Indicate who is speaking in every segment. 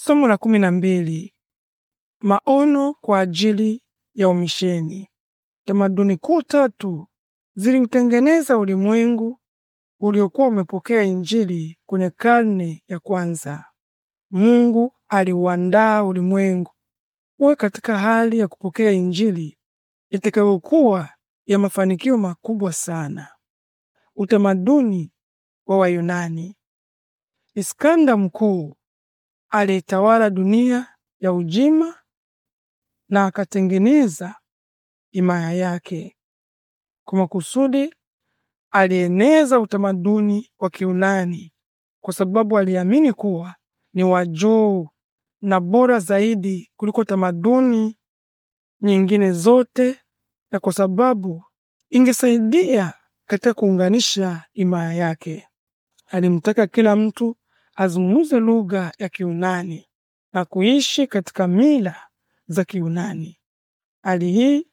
Speaker 1: Somo la kumi na mbili: maono kwa ajili ya umisheni. Tamaduni kuu tatu zilimtengeneza ulimwengu uliokuwa umepokea Injili kwenye karne ya kwanza. Mungu aliuandaa ulimwengu uwe katika hali ya kupokea Injili itakayokuwa ya mafanikio makubwa sana. Utamaduni wa Wayunani. Iskanda Mkuu alitawala dunia ya ujima na akatengeneza himaya yake. Kwa makusudi alieneza utamaduni wa Kiunani kwa sababu aliamini kuwa ni wa juu na bora zaidi kuliko tamaduni nyingine zote na kwa sababu ingesaidia katika kuunganisha himaya yake. Alimtaka kila mtu azungumze lugha ya Kiunani na kuishi katika mila za Kiunani. Hali hii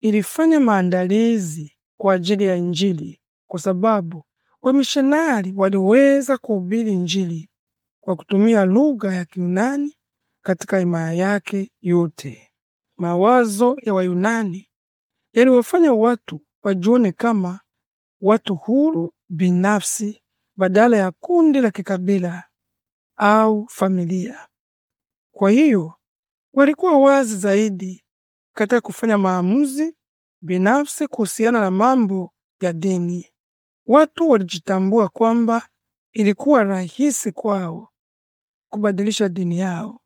Speaker 1: ilifanya maandalizi kwa ajili ya Injili kwa sababu wamishonari waliweza kuhubiri Injili kwa kutumia lugha ya Kiunani katika imaya yake yote. Mawazo ya Wayunani yaliwafanya watu wajione kama watu huru binafsi badala ya kundi la kikabila au familia. Kwa hiyo walikuwa wazi zaidi katika kufanya maamuzi binafsi kuhusiana na mambo ya dini. Watu walijitambua kwamba ilikuwa rahisi kwao kubadilisha dini yao.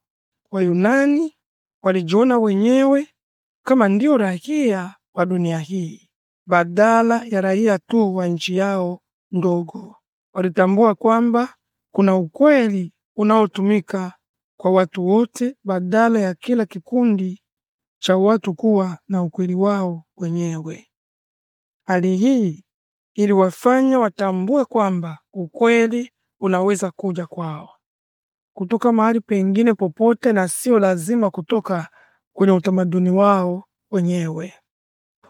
Speaker 1: Wayunani walijiona wenyewe kama ndio raia wa dunia hii badala ya raia tu wa nchi yao ndogo walitambua kwamba kuna ukweli unaotumika kwa watu wote badala ya kila kikundi cha watu kuwa na ukweli wao wenyewe. Hali hii iliwafanya watambue kwamba ukweli unaweza kuja kwao kutoka mahali pengine popote na sio lazima kutoka kwenye utamaduni wao wenyewe.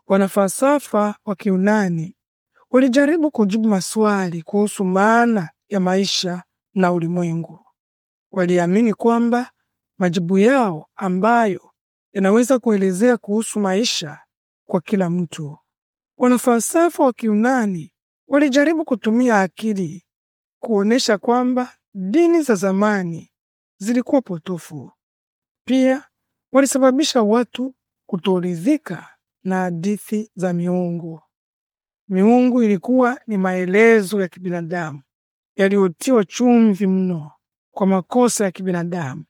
Speaker 1: Wanafalsafa wa Kiunani Walijaribu kujibu maswali kuhusu maana ya maisha na ulimwengu. Waliamini kwamba majibu yao ambayo yanaweza kuelezea kuhusu maisha kwa kila mtu. Wanafalsafa wa Kiunani walijaribu kutumia akili kuonesha kwamba dini za zamani zilikuwa potofu. Pia walisababisha watu kutoridhika na hadithi za miungu. Miungu ilikuwa ni maelezo ya kibinadamu yaliyotiwa chumvi mno kwa makosa ya kibinadamu,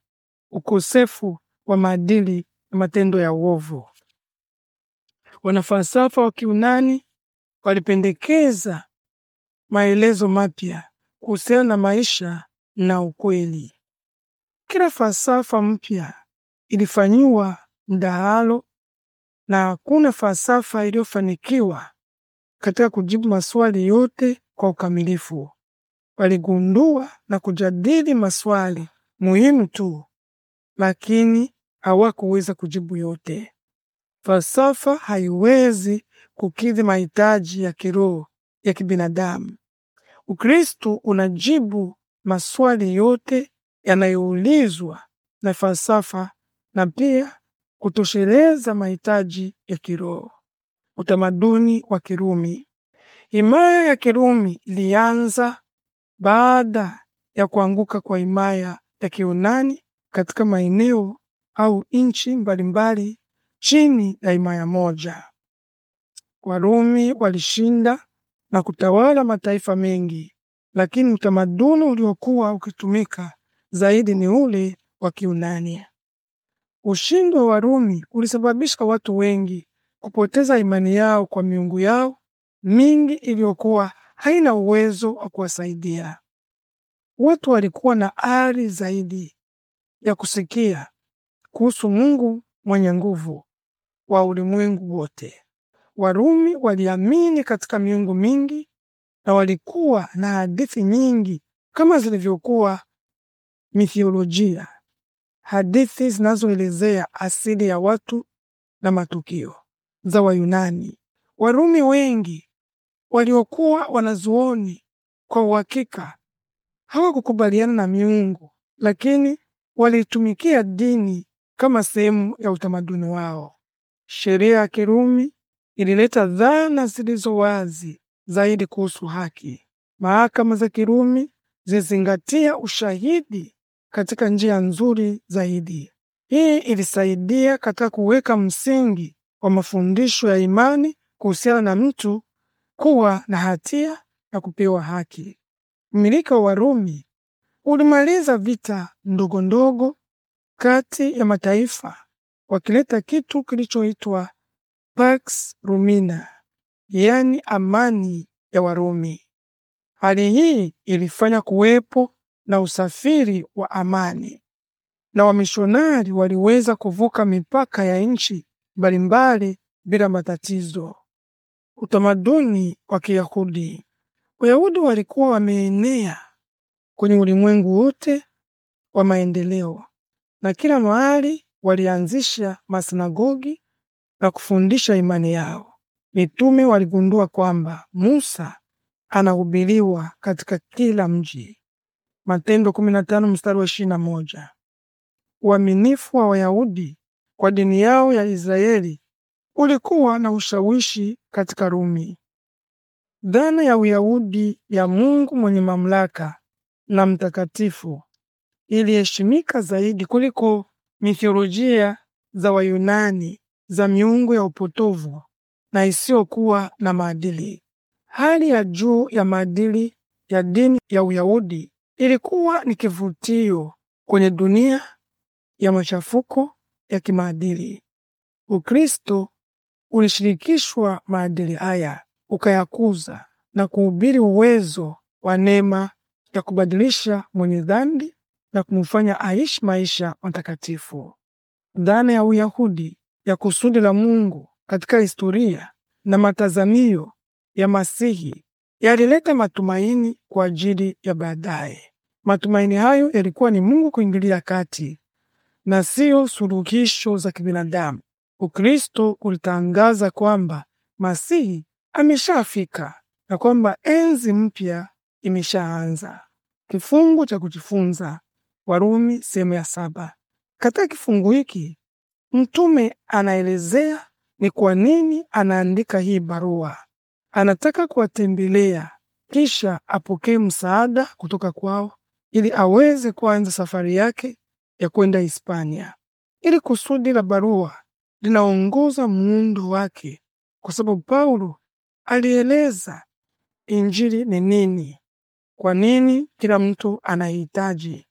Speaker 1: ukosefu wa maadili na matendo ya uovu. Wanafalsafa wa Kiunani walipendekeza maelezo mapya kuhusiana na maisha na ukweli. Kila falsafa mpya ilifanyiwa mdahalo na hakuna falsafa iliyofanikiwa katika kujibu maswali yote kwa ukamilifu. Waligundua na kujadili maswali muhimu tu, lakini hawakuweza kujibu yote. Falsafa haiwezi kukidhi mahitaji ya kiroho ya kibinadamu. Ukristo unajibu maswali yote yanayoulizwa na falsafa na pia kutosheleza mahitaji ya kiroho utamaduni wa Kirumi. Himaya ya Kirumi ilianza baada ya kuanguka kwa himaya ya Kiunani katika maeneo au nchi mbalimbali chini ya himaya moja. Warumi walishinda na kutawala mataifa mengi, lakini utamaduni uliokuwa ukitumika zaidi ni ule wa Kiunani. Ushindi wa Warumi ulisababisha watu wengi kupoteza imani yao kwa miungu yao mingi iliyokuwa haina uwezo wa kuwasaidia. Watu walikuwa na ari zaidi ya kusikia kuhusu Mungu mwenye nguvu wa ulimwengu wote. Warumi waliamini katika miungu mingi na walikuwa na hadithi nyingi kama zilivyokuwa mithiolojia, hadithi zinazoelezea asili ya watu na matukio za Wayunani. Warumi wengi waliokuwa wanazuoni kwa uhakika hawakukubaliana na miungu, lakini walitumikia dini kama sehemu ya utamaduni wao. Sheria ya Kirumi ilileta dhana zilizo wazi zaidi kuhusu haki. Mahakama za Kirumi zizingatia ushahidi katika njia nzuri zaidi. Hii ilisaidia katika kuweka msingi kwa mafundisho ya imani kuhusiana na mtu kuwa na hatia ya kupewa haki. Mmilika wa Warumi ulimaliza vita ndogo ndogo kati ya mataifa wakileta kitu kilichoitwa Pax rumina yaani amani ya Warumi. Hali hii ilifanya kuwepo na usafiri wa amani na wamishonari waliweza kuvuka mipaka ya nchi mbalimbali bila matatizo. Utamaduni wa Kiyahudi. Wayahudi walikuwa wameenea kwenye ulimwengu wote wa maendeleo, na kila mahali walianzisha masinagogi na kufundisha imani yao. Mitume waligundua kwamba Musa anahubiriwa katika kila mji. Matendo 15 mstari wa 21. Uaminifu wa Wayahudi kwa dini yao ya Israeli ulikuwa na ushawishi katika Rumi. Dhana ya Uyahudi ya Mungu mwenye mamlaka na mtakatifu iliheshimika zaidi kuliko mithiolojia za Wayunani za miungu ya upotovu na isiyokuwa na maadili. Hali ya juu ya maadili ya dini ya Uyahudi ilikuwa ni kivutio kwenye dunia ya machafuko ya kimaadili. Ukristo ulishirikishwa maadili haya, ukayakuza na kuhubiri uwezo wa neema ya kubadilisha mwenye dhambi na kumfanya aishi maisha matakatifu. Dhana ya Uyahudi ya kusudi la Mungu katika historia na matazamio ya Masihi yalileta matumaini kwa ajili ya baadaye. Matumaini hayo yalikuwa ni Mungu kuingilia kati na sio suluhisho za kibinadamu. Ukristo ulitangaza kwamba Masihi ameshafika na kwamba enzi mpya imeshaanza. Kifungu cha kujifunza Warumi sehemu ya saba. Katika kifungu hiki mtume anaelezea ni kwa nini anaandika hii barua. Anataka kuwatembelea kisha apokee msaada kutoka kwao ili aweze kuanza safari yake ya kwenda Hispania. Ili kusudi la barua linaongoza muundo wake, kwa sababu Paulo alieleza injili ni nini, kwa nini kila mtu anahitaji,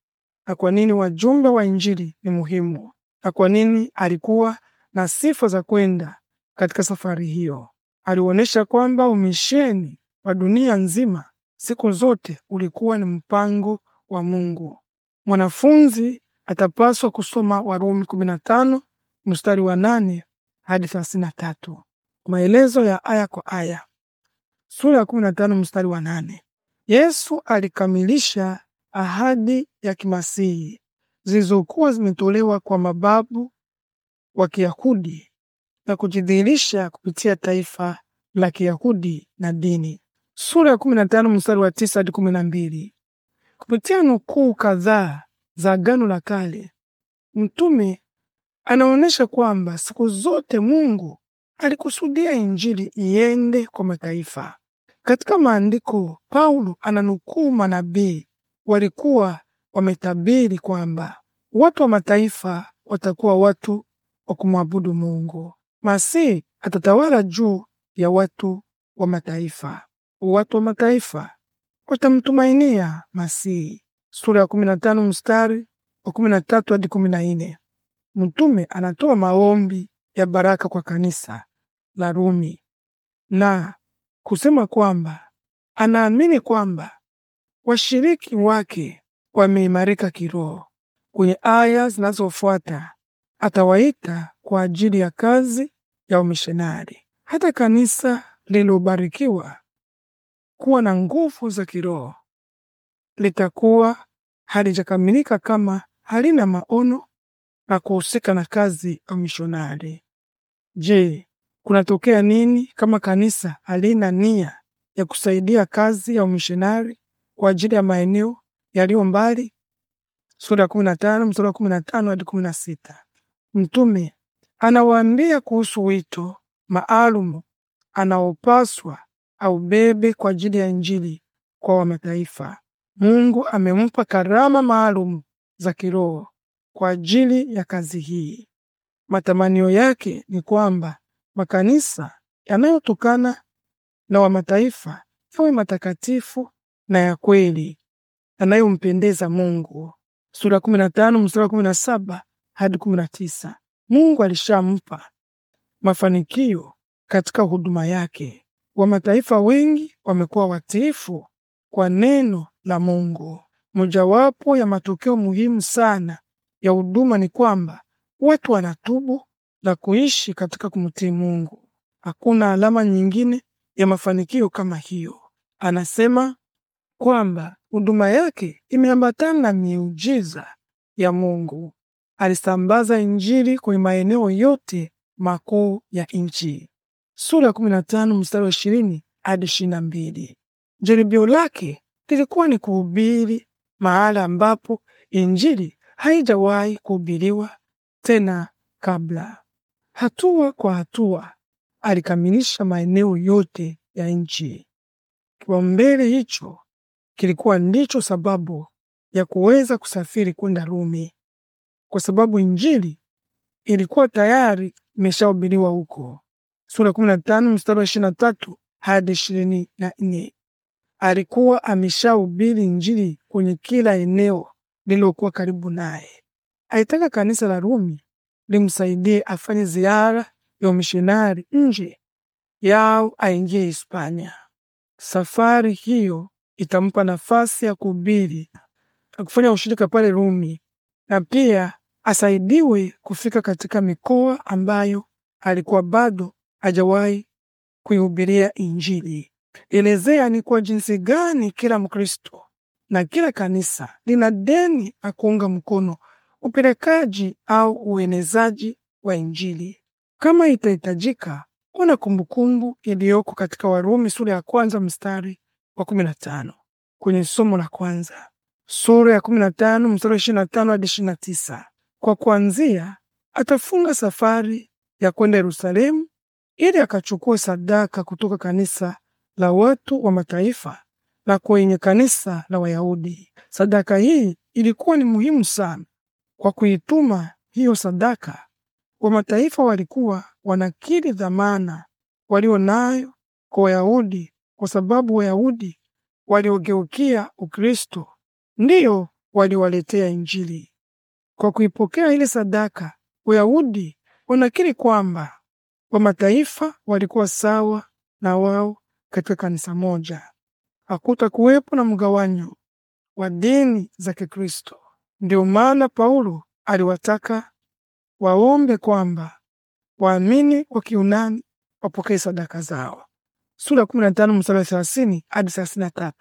Speaker 1: na kwa nini wajumbe wa injili ni muhimu, na kwa nini alikuwa na sifa za kwenda katika safari hiyo. Alionyesha kwamba umisheni wa dunia nzima siku zote ulikuwa ni mpango wa Mungu. Mwanafunzi atapaswa kusoma Warumi 15 mstari wa nane hadi 33. Maelezo ya aya kwa aya. Sura ya 15 mstari wa nane. Yesu alikamilisha ahadi ya kimasihi zilizokuwa zimetolewa kwa mababu wa Kiyahudi na kujidhihirisha kupitia taifa la Kiyahudi na dini. Sura ya 15 mstari wa 9 hadi 12. Kupitia nukuu kadhaa za Agano la Kale, mtume anaonesha kwamba siku zote Mungu alikusudia injili iende kwa mataifa. Katika maandiko, Paulo ananukuu manabii walikuwa wametabiri kwamba watu wa mataifa watakuwa watu wa kumwabudu Mungu. Masihi atatawala juu ya watu wa mataifa. Watu wa mataifa watamtumainia Masihi sura ya kumi na tano mstari wa kumi na tatu hadi kumi na nne. Mtume anatoa maombi ya baraka kwa kanisa la Rumi na kusema kwamba anaamini kwamba washiriki wake wameimarika kiroho. Kwenye aya zinazofuata atawaita kwa ajili ya kazi ya umishenari. hata kanisa lililobarikiwa kuwa na nguvu za kiroho litakuwa halijakamilika kama halina maono na kuhusika na kazi ya mishonari. Je, kunatokea nini kama kanisa halina nia ya kusaidia kazi ya umishonari kwa ajili ya maeneo yaliyo mbali? Sura ya 15 mstari wa 15 hadi 16. Mtume anawaambia kuhusu wito maalumu anaopaswa aubebe kwa ajili ya Injili kwa wa mataifa Mungu amempa karama maalum za kiroho kwa ajili ya kazi hii. Matamanio yake ni kwamba makanisa yanayotokana na wa mataifa yawe matakatifu na ya kweli yanayompendeza Mungu. Sura 15 mstari 17 hadi 19. Mungu alishampa mafanikio katika huduma yake. Wa mataifa wengi wamekuwa watiifu kwa neno la Mungu. Mojawapo ya matokeo muhimu sana ya huduma ni kwamba watu wanatubu na kuishi katika kumtii Mungu. Hakuna alama nyingine ya mafanikio kama hiyo. Anasema kwamba huduma yake imeambatana na miujiza ya Mungu. Alisambaza Injili kwenye maeneo yote makuu ya nchi. Sura 15 mstari wa 20 hadi 22. Jaribio lake lilikuwa ni kuhubiri mahala ambapo injili haijawahi kuhubiriwa tena kabla. Hatua kwa hatua alikamilisha maeneo yote ya nchi. mbele hicho kilikuwa ndicho sababu ya kuweza kusafiri kwenda Rumi, kwa sababu injili ilikuwa tayari imeshahubiriwa huko. Sura 15 mstari wa 23 hadi 24 alikuwa ameshahubiri Injili kwenye kila eneo lililokuwa karibu naye. Alitaka kanisa la Rumi limsaidie afanye ziara ya umishonari nje yao, aingie Hispania. Safari hiyo itampa nafasi ya kuhubiri na kufanya ushirika pale Rumi, na pia asaidiwe kufika katika mikoa ambayo alikuwa bado hajawahi kuihubiria Injili elezea ni kwa jinsi gani kila Mkristo na kila kanisa lina deni la kuunga mkono upelekaji au uenezaji wa Injili kama itahitajika. kuna kumbukumbu iliyoko katika Warumi sura ya kwanza mstari wa 15 kwenye somo la kwanza, sura ya 15 mstari wa 25 hadi 29. Kwa kuanzia, atafunga safari ya kwenda Yerusalemu ili akachukua sadaka kutoka kanisa la watu wa mataifa la kwenye kanisa la Wayahudi. Sadaka hii ilikuwa ni muhimu sana. Kwa kuituma hiyo sadaka, wa mataifa walikuwa wanakiri dhamana walio nayo kwa Wayahudi, kwa sababu Wayahudi waliogeukia Ukristo ndiyo waliwaletea Injili. Kwa kuipokea ile sadaka, Wayahudi wanakiri kwamba wa mataifa walikuwa sawa na wao katika kanisa moja. Hakutakuwepo na mgawanyo wa dini za Kikristo. Ndio maana Paulo aliwataka waombe kwamba waamini wa Kiunani wapokee sadaka zao, sura 15 mstari 30 hadi 33.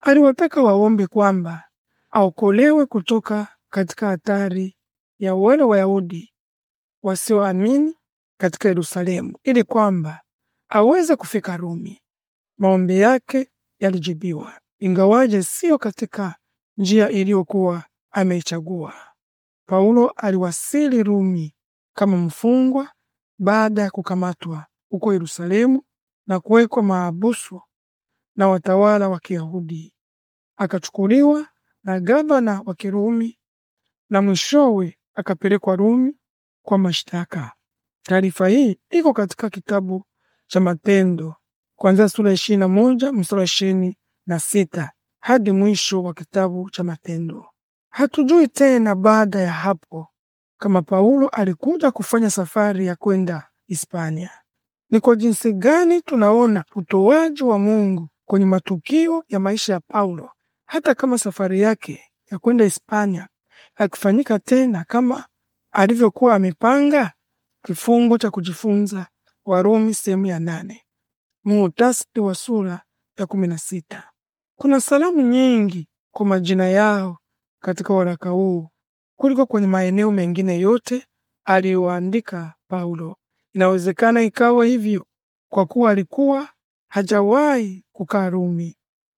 Speaker 1: Aliwataka waombe kwamba aokolewe kutoka katika hatari ya wale Wayahudi wasioamini katika Yerusalemu, ili kwamba aweze kufika Rumi. Maombi yake yalijibiwa, ingawaje siyo katika njia iliyokuwa ameichagua. Paulo aliwasili Rumi kama mfungwa baada ya kukamatwa huko Yerusalemu na kuwekwa maabusu na watawala wa Kiyahudi. Akachukuliwa na gavana wa Kirumi na mwishowe akapelekwa Rumi kwa mashtaka. Taarifa hii iko katika kitabu cha Matendo, kuanzia sura ishirini na moja mstari ishirini na sita hadi mwisho wa kitabu cha Matendo. Hatujui tena baada ya hapo kama Paulo alikuja kufanya safari ya kwenda Hispania. Ni kwa jinsi gani tunaona utoaji wa Mungu kwenye matukio ya maisha ya Paulo, hata kama safari yake ya kwenda Hispania akifanyika tena kama alivyokuwa amepanga. Kifungo cha kujifunza Warumi sehemu ya nane muhtasari wa sura ya kumi na sita. Kuna salamu nyingi kwa majina yao katika waraka huu kuliko kwenye maeneo mengine yote aliyoandika Paulo. Inawezekana ikawa hivyo kwa kuwa alikuwa hajawahi kukaa Rumi.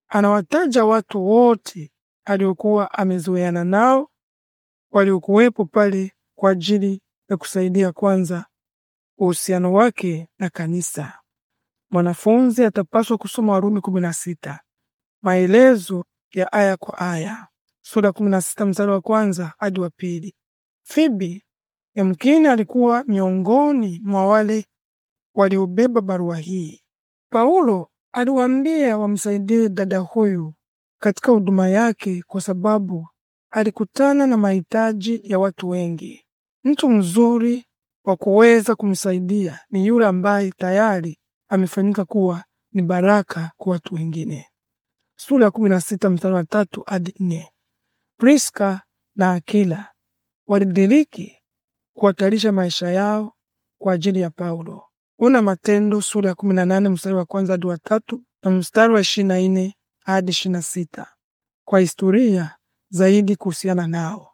Speaker 1: Anawataja watu wote aliokuwa amezoeana nao waliokuwepo pale kwa ajili ya kusaidia kwanza uhusiano wake na kanisa. Mwanafunzi atapaswa kusoma Warumi 16, maelezo ya aya kwa aya, sura 16 mstari wa kwanza hadi wa pili. Fibi yamkini alikuwa miongoni mwa wale waliobeba barua hii. Paulo aliwaambia wamsaidie dada huyu katika huduma yake, kwa sababu alikutana na mahitaji ya watu wengi. Mtu mzuri wa kuweza kumsaidia ni yule ambaye tayari amefanyika kuwa ni baraka kwa watu wengine. Sura ya kumi na sita mstari wa tatu hadi nne. Priska na Akila walidiriki kuhatarisha maisha yao kwa ajili ya Paulo. una Matendo sura ya kumi na nane mstari wa kwanza hadi wa tatu na mstari wa ishirini na nne hadi ishirini na sita kwa historia zaidi kuhusiana nao.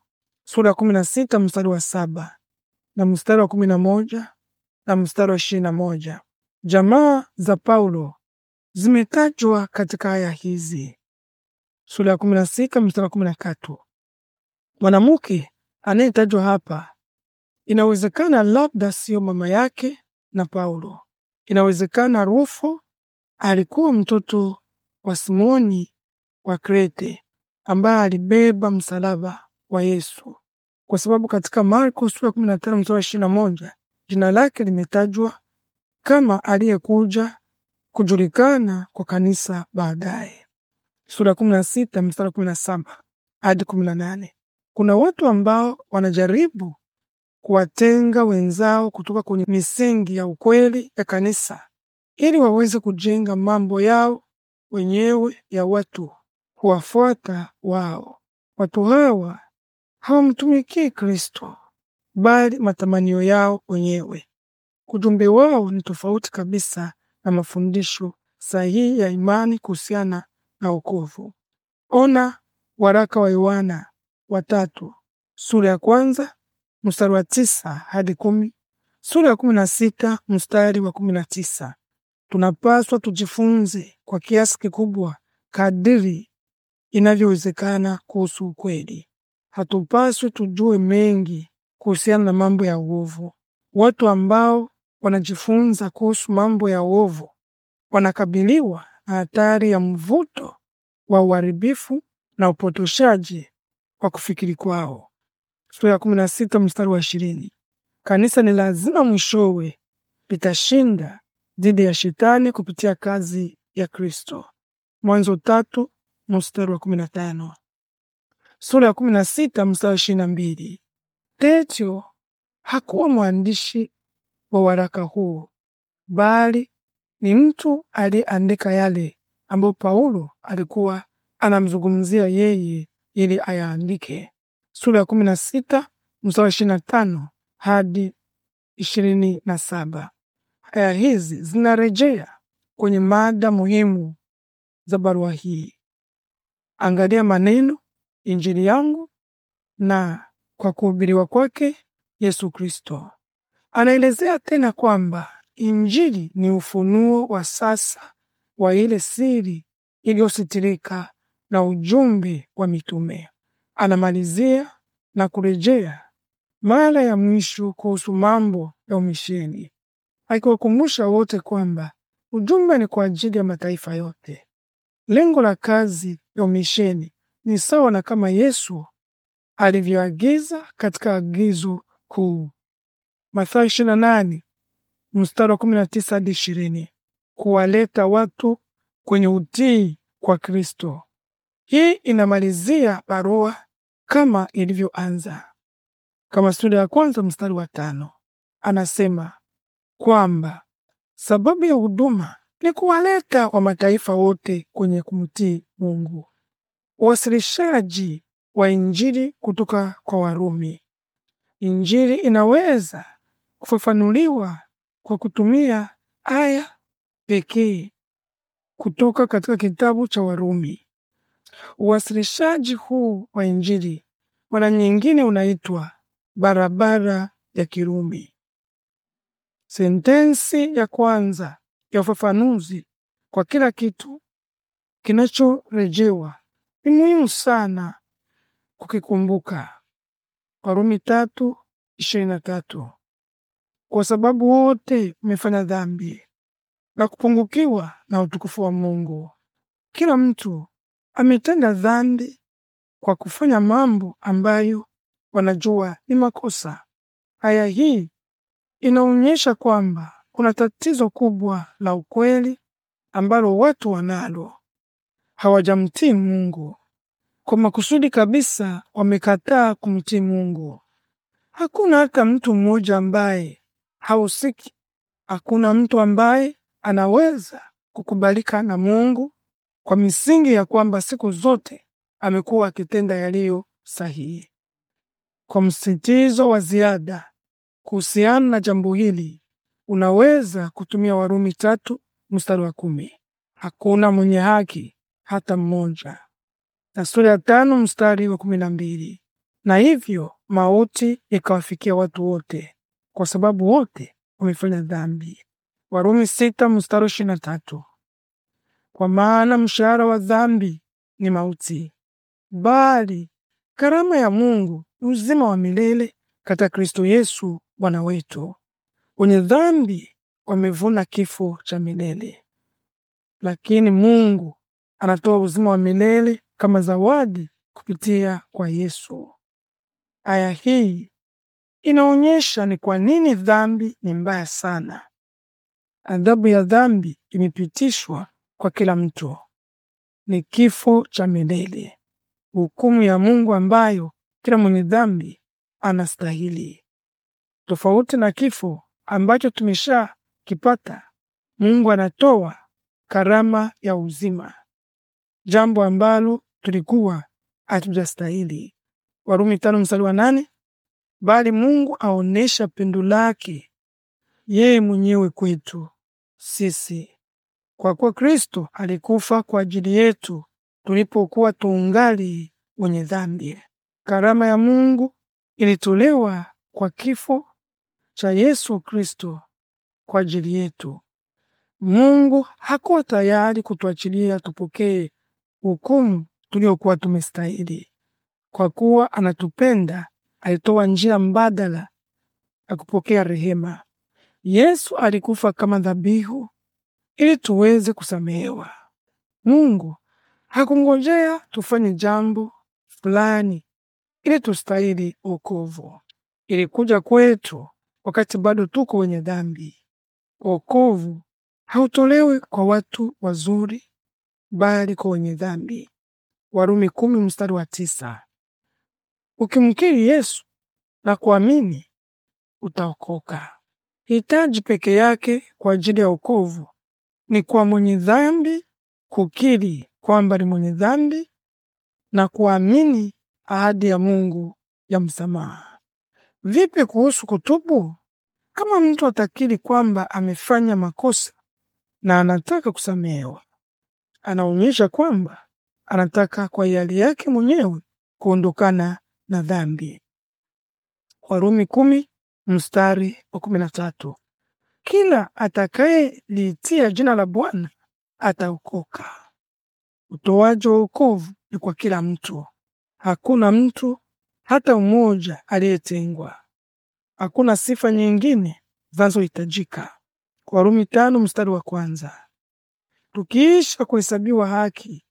Speaker 1: Sura ya kumi na sita mstari wa saba na mstari wa kumi na moja na mstari wa ishirini na moja. Jamaa za Paulo zimetajwa katika aya hizi. Sura ya kumi na sita mstari wa kumi na tatu. Mwanamke anayetajwa hapa inawezekana labda siyo mama yake na Paulo. Inawezekana Rufo alikuwa mtoto wa Simoni wa Krete ambaye alibeba msalaba wa Yesu kwa sababu katika Marko sura 15 mstari 21 jina lake limetajwa kama aliyekuja kujulikana kwa kanisa baadaye. Sura 16 mstari 17 hadi 18. Kuna watu ambao wanajaribu kuwatenga wenzao kutoka kwenye misingi ya ukweli ya kanisa ili waweze kujenga mambo yao wenyewe ya watu kuwafuata wao. Watu hawa hawamtumikii Kristo bali matamanio yao wenyewe. Ujumbe wao ni tofauti kabisa na mafundisho sahihi ya imani kuhusiana na wokovu. Ona waraka wa Yohana watatu sura ya kwanza mstari wa tisa hadi kumi, sura ya kumi na sita mstari wa kumi na tisa. Tunapaswa tujifunze kwa kiasi kikubwa kadiri inavyowezekana kuhusu ukweli hatupaswi tujue mengi kuhusiana na mambo ya uovu. Watu ambao wanajifunza kuhusu mambo ya uovu wanakabiliwa na hatari ya mvuto wa uharibifu na upotoshaji wa kufikiri kwao. Sura ya mstari wa Kanisa ni lazima mwishowe litashinda dhidi ya shetani kupitia kazi ya Kristo. Mwanzo tatu mstari wa 15 sura ya kumi na sita mstari ishirini na mbili. Petro hakuwa mwandishi wa waraka huo, bali ni mtu aliyeandika yale ambayo Paulo alikuwa anamzungumzia yeye ili ayaandike. Sura ya kumi na sita mstari ishirini na tano hadi ishirini na saba. Aya hizi zinarejea kwenye mada muhimu za barua hii. Angalia maneno injili yangu na kwa kuhubiriwa kwake Yesu Kristo. Anaelezea tena kwamba injili ni ufunuo wa sasa wa ile siri iliyositirika na ujumbe wa mitume. Anamalizia na kurejea mara ya mwisho kuhusu mambo ya umisheni, akiwakumbusha wote kwamba ujumbe ni kwa ajili ya mataifa yote. Lengo la kazi ya umisheni ni sawa na kama Yesu alivyoagiza katika agizo kuu Mathayo 28 mstari wa 19 hadi 20, kuwaleta watu kwenye utii kwa Kristo. Hii inamalizia barua kama ilivyoanza. Kama sura ya kwanza mstari wa tano anasema kwamba sababu ya huduma ni kuwaleta wa mataifa wote kwenye kumtii Mungu uwasilishaji wa Injili kutoka kwa Warumi. Injili inaweza kufafanuliwa kwa kutumia aya pekee kutoka katika kitabu cha Warumi. Uwasilishaji huu wa Injili mara nyingine unaitwa barabara ya Kirumi. Sentensi ya kwanza ya ufafanuzi kwa kila kitu kinachorejewa ni muhimu sana kukikumbuka Warumi tatu ishirini na tatu kwa sababu wote mmefanya dhambi na kupungukiwa na utukufu wa Mungu. Kila mtu ametenda dhambi kwa kufanya mambo ambayo wanajua ni makosa. Aya hii inaonyesha kwamba kuna tatizo kubwa la ukweli ambalo watu wanalo hawajamtii Mungu. Kwa makusudi kabisa wamekataa kumtii Mungu. Hakuna hata mtu mmoja ambaye hausiki Hakuna mtu ambaye anaweza kukubalika na Mungu kwa misingi ya kwamba siku zote amekuwa akitenda yaliyo sahihi. Kwa msitizo wa ziada kuhusiana na jambo hili, unaweza kutumia Warumi tatu mstari wa kumi. Hakuna mwenye haki hata mmoja, na sura ya tano mstari wa kumi na mbili na hivyo mauti ikawafikia watu wote kwa sababu wote wamefanya dhambi. Warumi sita mstari ishirini na tatu kwa maana mshahara wa dhambi ni mauti, bali karama ya Mungu ni uzima wa milele katika Kristo Yesu Bwana wetu. Wenye dhambi wamevuna kifo cha milele, lakini Mungu anatoa uzima wa milele kama zawadi kupitia kwa Yesu. Aya hii inaonyesha ni kwa nini dhambi ni mbaya sana. Adhabu ya dhambi imepitishwa kwa kila mtu, ni kifo cha milele, hukumu ya Mungu ambayo kila mwenye dhambi anastahili. Tofauti na kifo ambacho tumeshakipata, Mungu anatoa karama ya uzima jambo ambalo tulikuwa hatujastahili. Warumi tano mstari wa nane. Bali Mungu aonesha pendo lake yeye mwenyewe kwetu sisi kwa kuwa Kristo alikufa kwa ajili yetu tulipokuwa tungali wenye dhambi. Karama ya Mungu ilitolewa kwa kifo cha Yesu Kristo kwa ajili yetu. Mungu hakuwa tayari kutuachilia tupokee hukumu tuliyokuwa tumestahili. Kwa kuwa anatupenda, alitoa njia mbadala ya kupokea rehema. Yesu alikufa kama dhabihu ili tuweze kusamehewa. Mungu hakungojea tufanye jambo fulani ili tustahili wokovu. Ilikuja kwetu wakati bado tuko wenye dhambi. Wokovu hautolewi kwa watu wazuri bali kwa wenye dhambi. Warumi kumi mstari wa tisa. Ukimkiri Yesu na kuamini utaokoka. Hitaji peke yake kwa ajili ya wokovu ni kwa mwenye dhambi kukiri kwamba ni mwenye dhambi na kuamini ahadi ya Mungu ya msamaha. Vipi kuhusu kutubu? Kama mtu atakiri kwamba amefanya makosa na anataka kusamehewa, anaonyesha kwamba anataka kwa hiari yake mwenyewe kuondokana na dhambi. Warumi kumi mstari wa kumi na tatu. Kila atakayeliitia jina la Bwana ataokoka. Utoaji wa wokovu ni kwa kila mtu. Hakuna mtu hata mmoja aliyetengwa. Hakuna sifa nyingine zinazohitajika. Warumi tano mstari wa kwanza tukiisha kuhesabiwa haki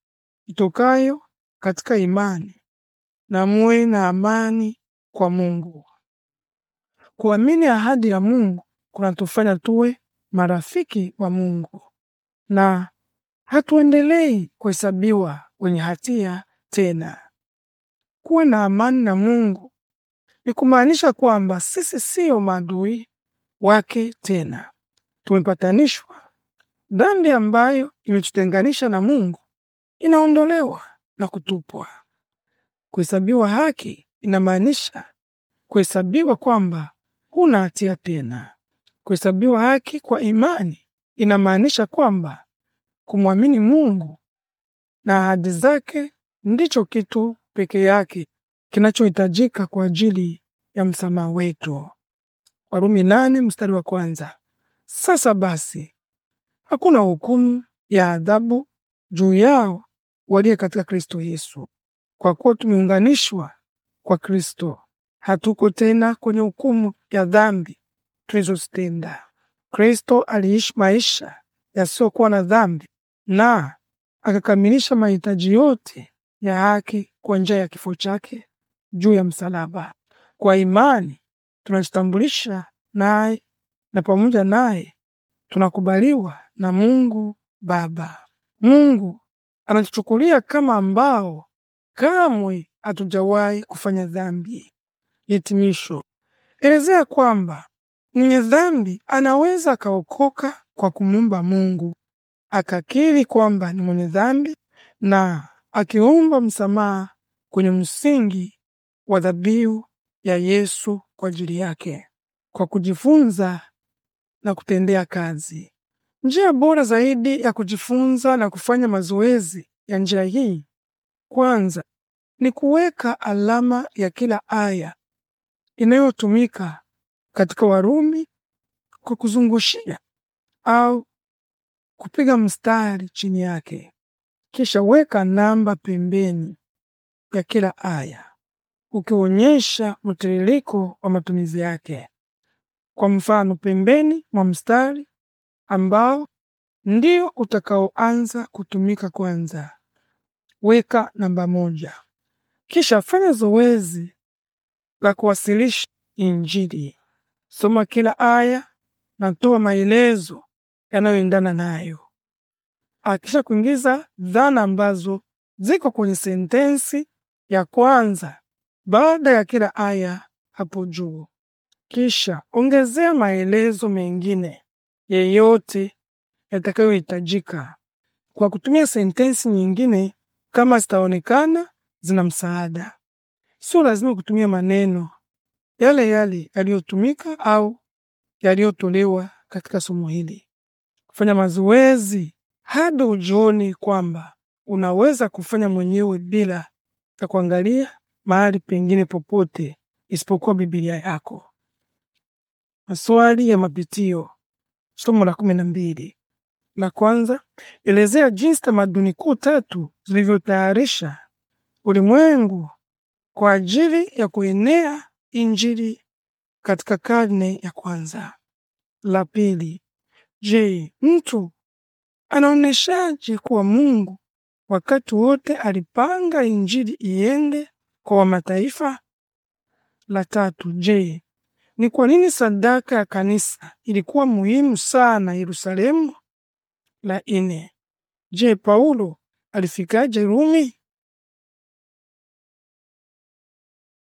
Speaker 1: itokayo katika imani, na muwe na amani kwa Mungu. Kuamini ahadi ya Mungu kunatufanya tuwe marafiki wa Mungu na hatuendelei kuhesabiwa wenye hatia tena. Kuwa na amani na Mungu ni kumaanisha kwamba sisi siyo maadui wake tena, tumepatanishwa dhambi ambayo imetutenganisha na Mungu inaondolewa na kutupwa. Kuhesabiwa haki inamaanisha kuhesabiwa kwamba huna hatia tena. Kuhesabiwa haki kwa imani inamaanisha kwamba kumwamini Mungu na ahadi zake ndicho kitu peke yake kinachohitajika kwa ajili ya msamaha wetu. Warumi nane mstari wa kwanza. Sasa basi hakuna hukumu ya adhabu juu yao waliye katika Kristo Yesu. Kwa kuwa tumeunganishwa kwa Kristo, hatuko tena kwenye hukumu ya dhambi tulizozitenda. Kristo aliishi maisha yasiyokuwa na dhambi na akakamilisha mahitaji yote ya haki kwa njia ya kifo chake juu ya msalaba. Kwa imani tunajitambulisha naye na pamoja naye tunakubaliwa na Mungu Baba. Mungu anatuchukulia kama ambao kamwe hatujawahi kufanya dhambi. Hitimisho: elezea kwamba mwenye dhambi anaweza akaokoka kwa kumumba Mungu, akakiri kwamba ni mwenye dhambi na akiomba msamaha kwenye msingi wa dhabihu ya Yesu kwa ajili yake, kwa kujifunza na kutendea kazi. Njia bora zaidi ya kujifunza na kufanya mazoezi ya njia hii, kwanza ni kuweka alama ya kila aya inayotumika katika Warumi kwa kuzungushia au kupiga mstari chini yake, kisha weka namba pembeni ya kila aya ukionyesha mtiririko wa matumizi yake. Kwa mfano, pembeni mwa mstari ambao ndio utakaoanza kutumika kwanza. Weka namba moja, kisha fanya zoezi la kuwasilisha Injili. Soma kila aya na toa maelezo yanayoendana nayo. Akisha kuingiza dhana ambazo ziko kwenye sentensi ya kwanza baada ya kila aya hapo juu, kisha ongezea maelezo mengine yeyote yatakayohitajika. Kwa kutumia sentensi nyingine kama zitaonekana zina msaada, sio lazima kutumia maneno yale yale yaliyotumika au yaliyotolewa katika somo hili. Kufanya mazoezi hadi ujioni kwamba unaweza kufanya mwenyewe bila ya kuangalia mahali pengine popote isipokuwa Biblia yako. Maswali ya mapitio. Somo la kumi na mbili. La kwanza, elezea jinsi tamaduni kuu tatu zilivyotayarisha ulimwengu kwa ajili ya kuenea Injili katika karne ya kwanza. La pili, je, mtu anaoneshaje kuwa Mungu wakati wote alipanga Injili iende kwa mataifa? La tatu, je, ni kwa nini sadaka ya kanisa ilikuwa muhimu sana Yerusalemu? La ine je, Paulo alifikaje Rumi?